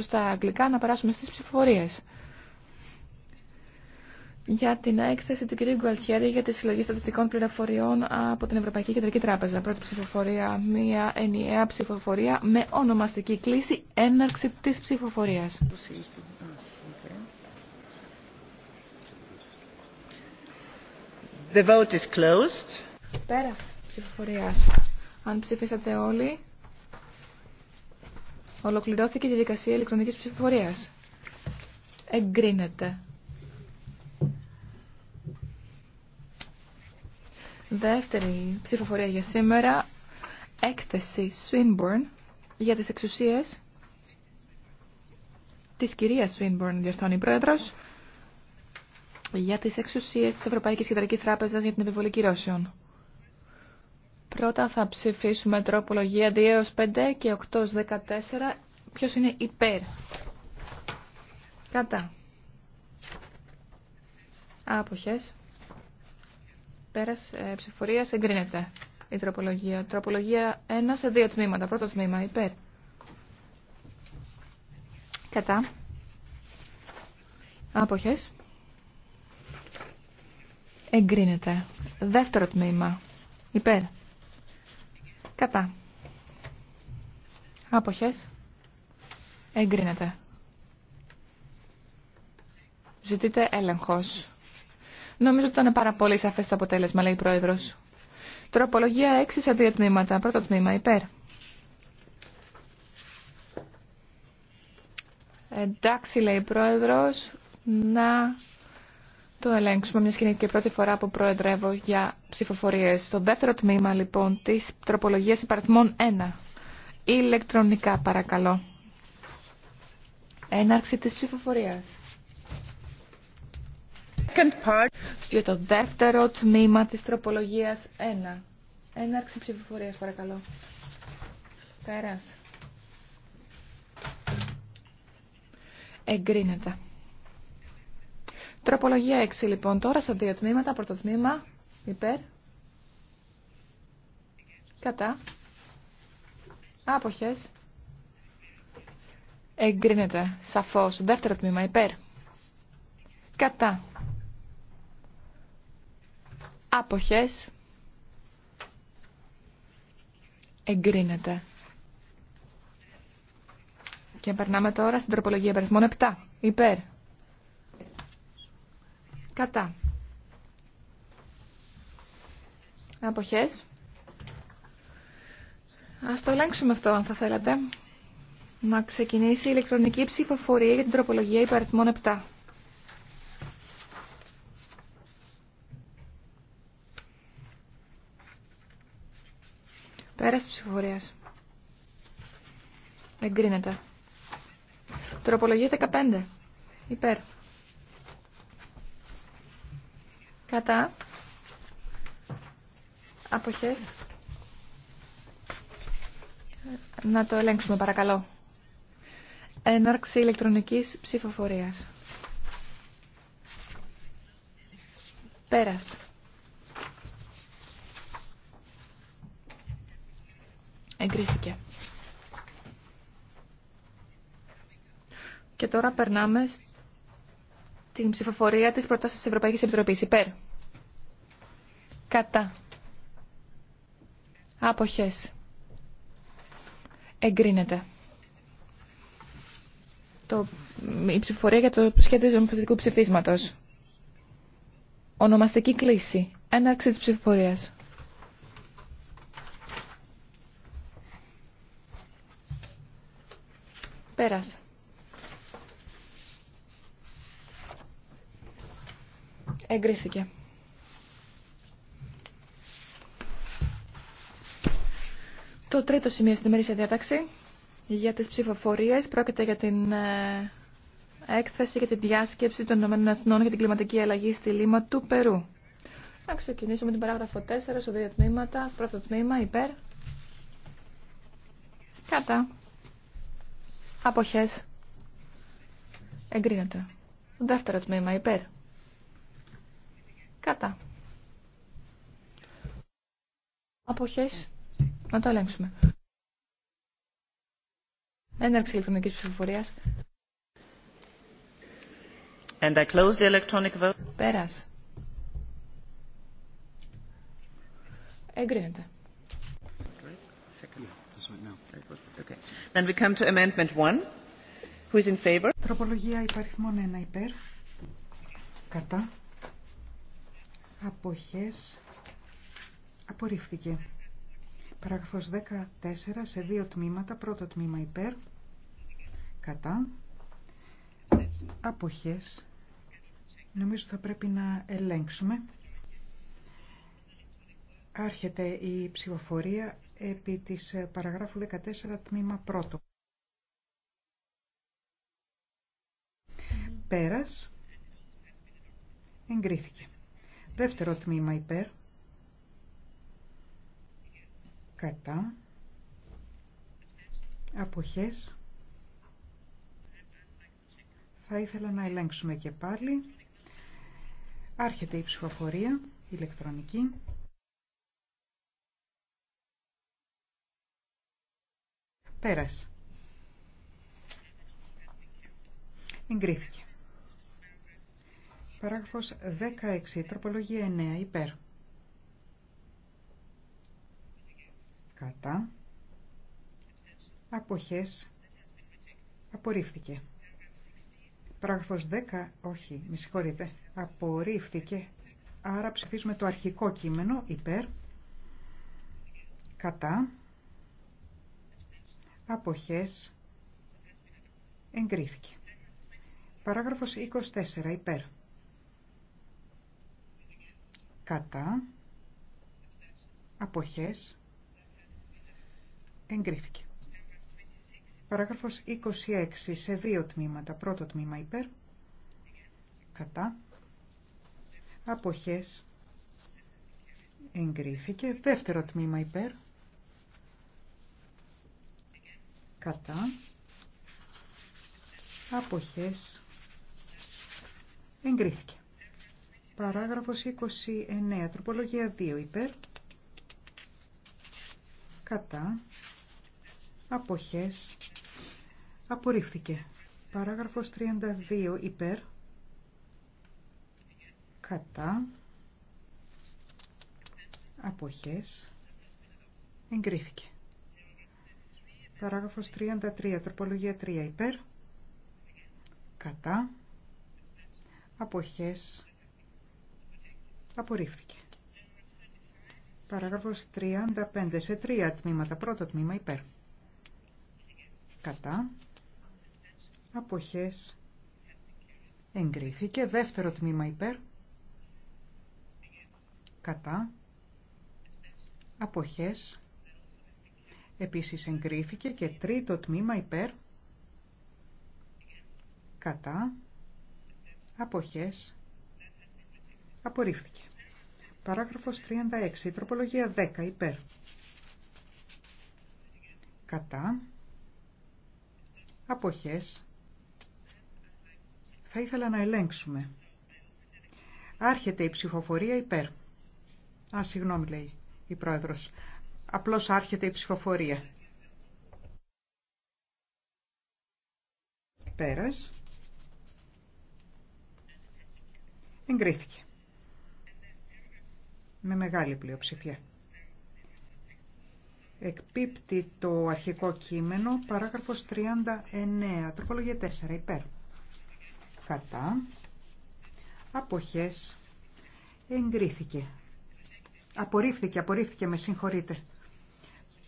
σωστά αγγλικά να περάσουμε στις ψηφοφορίες. Για την έκθεση του κ. Γκουαλτιέρη για τη συλλογή στατιστικών πληροφοριών από την Ευρωπαϊκή Κεντρική Τράπεζα. Πρώτη ψηφοφορία, μία ενιαία ψηφοφορία με ονομαστική κλίση έναρξη της ψηφοφορίας. The vote is closed. ψηφοφορίας. Αν ψηφίσατε όλοι, Ολοκληρώθηκε η διαδικασία ηλεκτρονικής ψηφοφορίας. Εγκρίνεται. Δεύτερη ψηφοφορία για σήμερα. Έκθεση Swinburne για τις εξουσίες της κυρίας Swinburne, διορθώνει πρόεδρος, για τις εξουσίες της Ευρωπαϊκής Κεντρικής Τράπεζας για την επιβολή κυρώσεων. Πρώτα θα ψηφίσουμε τροπολογία 2 5 και 8 14 Ποιος είναι υπέρ. Κατά. Άποχες. Πέρας ε, ψηφορίας εγκρίνεται η τροπολογία. Τροπολογία 1 σε δύο τμήματα. Πρώτο τμήμα υπέρ. Κατά. Άποχες. Εγκρίνεται. Δεύτερο τμήμα. Υπέρ. Κατά. Άποχες. Εγκρίνεται. Ζητείτε έλεγχος. Νομίζω ότι ήταν πάρα πολύ σαφές το αποτέλεσμα, λέει η Πρόεδρος. Τροπολογία 6 σε δύο τμήματα. Πρώτο τμήμα, υπέρ. Εντάξει, λέει η Πρόεδρος, να το ελέγξουμε, μια και και πρώτη φορά που προεδρεύω για ψηφοφορίες. Στο δεύτερο τμήμα, λοιπόν, της τροπολογίας υπαριθμών 1. Ηλεκτρονικά, παρακαλώ έναρξη της ψηφοφορίας. Για το δεύτερο τμήμα της τροπολογίας 1. Έναρξη ψηφοφορίας παρακαλώ. Πέρας. Εγκρίνεται. Τροπολογία 6 λοιπόν τώρα σε δύο τμήματα. Πρώτο τμήμα υπέρ. Κατά. Άποχες. Εγκρίνεται. Σαφώς. Δεύτερο τμήμα. Υπέρ. Κατά. Άποχες. Εγκρίνεται. Και περνάμε τώρα στην τροπολογία περιθμών 7. Υπέρ. Κατά. Αποχές. Ας το ελέγξουμε αυτό αν θα θέλατε να ξεκινήσει η ηλεκτρονική ψηφοφορία για την τροπολογία υπαριθμών 7. Πέραση ψηφοφορία. ψηφοφορίας. Εγκρίνεται. Τροπολογία 15. Υπέρ. Κατά. Αποχές. Να το ελέγξουμε παρακαλώ έναρξη ηλεκτρονικής ψηφοφορίας. Πέρας. Εγκρίθηκε. Και τώρα περνάμε στην ψηφοφορία της προτάσης της Ευρωπαϊκής Επιτροπής. Υπέρ. Κατά. Άποχες. Εγκρίνεται το, η ψηφοφορία για το σχέδιο νομοθετικού ψηφίσματος. Ονομαστική κλίση. Έναρξη τη ψηφοφορίας. Πέρασε. Εγκρίθηκε. Το τρίτο σημείο στην ημερήσια διάταξη για τις ψηφοφορίες. Πρόκειται για την ε, έκθεση και τη διάσκεψη των ΗΕ για την κλιματική αλλαγή στη Λίμα του Περού. Να ξεκινήσουμε την παράγραφο 4 σε δύο τμήματα. Πρώτο τμήμα υπέρ. Κατά. Αποχές. Εγκρίνεται. Δεύτερο τμήμα υπέρ. Κατά. Αποχές. Να το ελέγξουμε. Έναρξη ηλεκτρονικής ψηφοφορίας. And I close the electronic vote. Πέρας. Εγκρίνεται. Okay. Then we come to amendment 1. Who is in favor? Τροπολογία υπαριθμών 1 υπέρ. Κατά. Αποχές. Απορρίφθηκε. Παράγραφος 14 σε δύο τμήματα. Πρώτο τμήμα υπέρ, κατά, αποχές. Νομίζω θα πρέπει να ελέγξουμε. Άρχεται η ψηφοφορία επί της ε, παραγράφου 14 τμήμα πρώτο. Πέρας εγκρίθηκε. Δεύτερο τμήμα υπέρ, κατά αποχές θα ήθελα να ελέγξουμε και πάλι άρχεται η ψηφοφορία ηλεκτρονική πέρασε εγκρίθηκε παράγραφος 16 τροπολογία 9 υπέρ κατά αποχές απορρίφθηκε. Παράγραφος 10, όχι, μη συγχωρείτε, απορρίφθηκε. Άρα ψηφίζουμε το αρχικό κείμενο υπέρ, κατά, αποχές, εγκρίθηκε. Παράγραφος 24, υπέρ, κατά, αποχές, Εγκρίθηκε. Παράγραφος 26 σε δύο τμήματα. Πρώτο τμήμα υπέρ. Κατά. Αποχές. Εγκρίθηκε. Δεύτερο τμήμα υπέρ. Κατά. Αποχές. Εγκρίθηκε. Παράγραφος 29. Τροπολογία 2 υπέρ. Κατά αποχές απορρίφθηκε. Παράγραφος 32 υπέρ κατά αποχές εγκρίθηκε. Παράγραφος 33 τροπολογία 3 υπέρ κατά αποχές απορρίφθηκε. Παράγραφος 35 σε τρία τμήματα. Πρώτο τμήμα υπέρ κατά, αποχές, εγκρίθηκε. Δεύτερο τμήμα υπέρ, κατά, αποχές, επίσης εγκρίθηκε και τρίτο τμήμα υπέρ, κατά, αποχές, απορρίφθηκε. Παράγραφος 36, τροπολογία 10, υπέρ. Κατά, αποχές θα ήθελα να ελέγξουμε. Άρχεται η ψηφοφορία υπέρ. Α, συγγνώμη λέει η πρόεδρος. Απλώς άρχεται η ψηφοφορία. Πέρας. Εγκρίθηκε. Με μεγάλη πλειοψηφία. Εκπίπτει το αρχικό κείμενο, παράγραφος 39, τροπολογία 4, υπέρ. Κατά. Αποχές. Εγκρίθηκε. Απορρίφθηκε, απορρίφθηκε, με συγχωρείτε.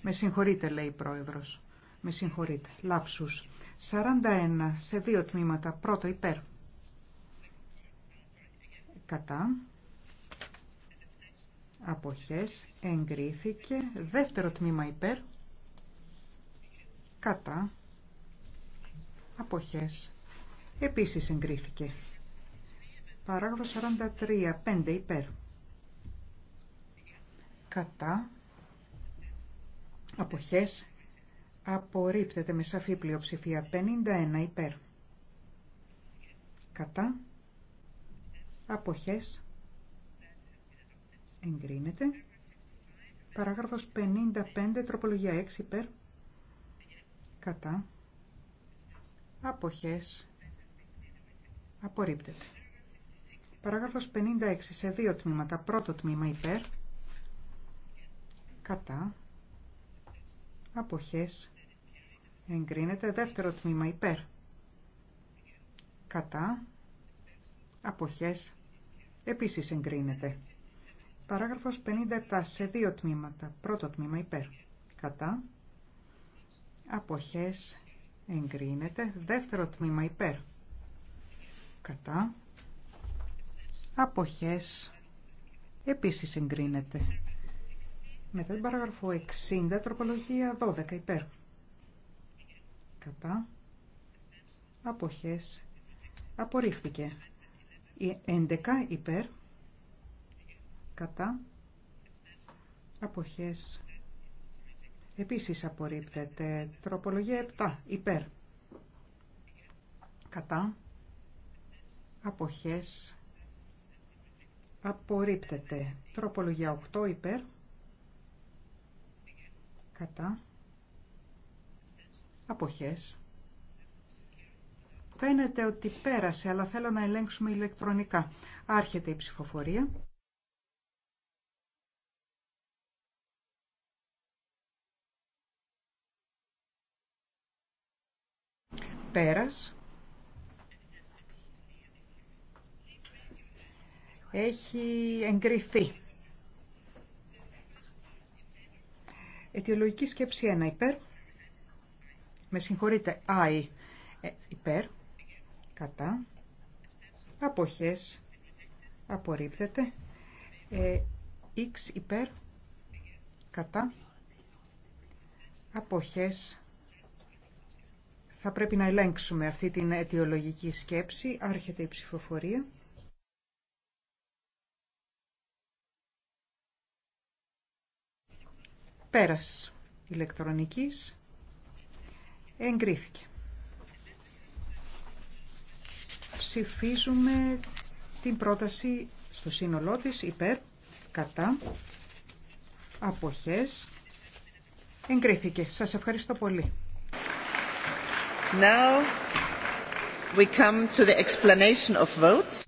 Με συγχωρείτε, λέει η πρόεδρος. Με συγχωρείτε. Λάψους. 41 σε δύο τμήματα. Πρώτο υπέρ. Κατά αποχές εγκρίθηκε δεύτερο τμήμα υπέρ κατά αποχές επίσης εγκρίθηκε παράγραφος 43 5 υπέρ κατά αποχές απορρίπτεται με σαφή πλειοψηφία 51 υπέρ κατά αποχές Εγκρίνεται. Παράγραφος 55, τροπολογία 6, υπέρ. Κατά. Αποχές. Απορρίπτεται. Παράγραφος 56, σε δύο τμήματα. Πρώτο τμήμα υπέρ. Κατά. Αποχές. Εγκρίνεται. Δεύτερο τμήμα υπέρ. Κατά. Αποχές. Επίσης εγκρίνεται. Παράγραφος 57 σε δύο τμήματα. Πρώτο τμήμα υπέρ. Κατά. Αποχές εγκρίνεται. Δεύτερο τμήμα υπέρ. Κατά. Αποχές επίσης εγκρίνεται. Μετά την παράγραφο 60 τροπολογία 12 υπέρ. Κατά. Αποχές απορρίφθηκε. Η 11 υπέρ κατά αποχές επίσης απορρίπτεται τροπολογία 7 υπέρ κατά αποχές απορρίπτεται τροπολογία 8 υπέρ κατά αποχές Φαίνεται ότι πέρασε, αλλά θέλω να ελέγξουμε ηλεκτρονικά. Άρχεται η ψηφοφορία. Πέρας. Έχει εγκριθεί. Αιτιολογική σκέψη 1 υπέρ. Με συγχωρείτε, I ε, υπέρ. Κατά. Αποχές. Απορρίπτεται. Ε, X υπέρ. Κατά. Αποχές θα πρέπει να ελέγξουμε αυτή την αιτιολογική σκέψη. Άρχεται η ψηφοφορία. Πέρας ηλεκτρονικής εγκρίθηκε. Ψηφίζουμε την πρόταση στο σύνολό της υπέρ, κατά, αποχές. Εγκρίθηκε. Σας ευχαριστώ πολύ.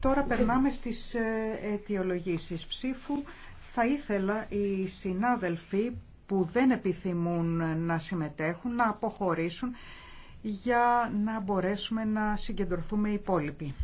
Τώρα περνάμε στις ε, αιτιολογήσεις ψήφου. Θα ήθελα οι συνάδελφοι που δεν επιθυμούν να συμμετέχουν να αποχωρήσουν για να μπορέσουμε να συγκεντρωθούμε οι υπόλοιποι.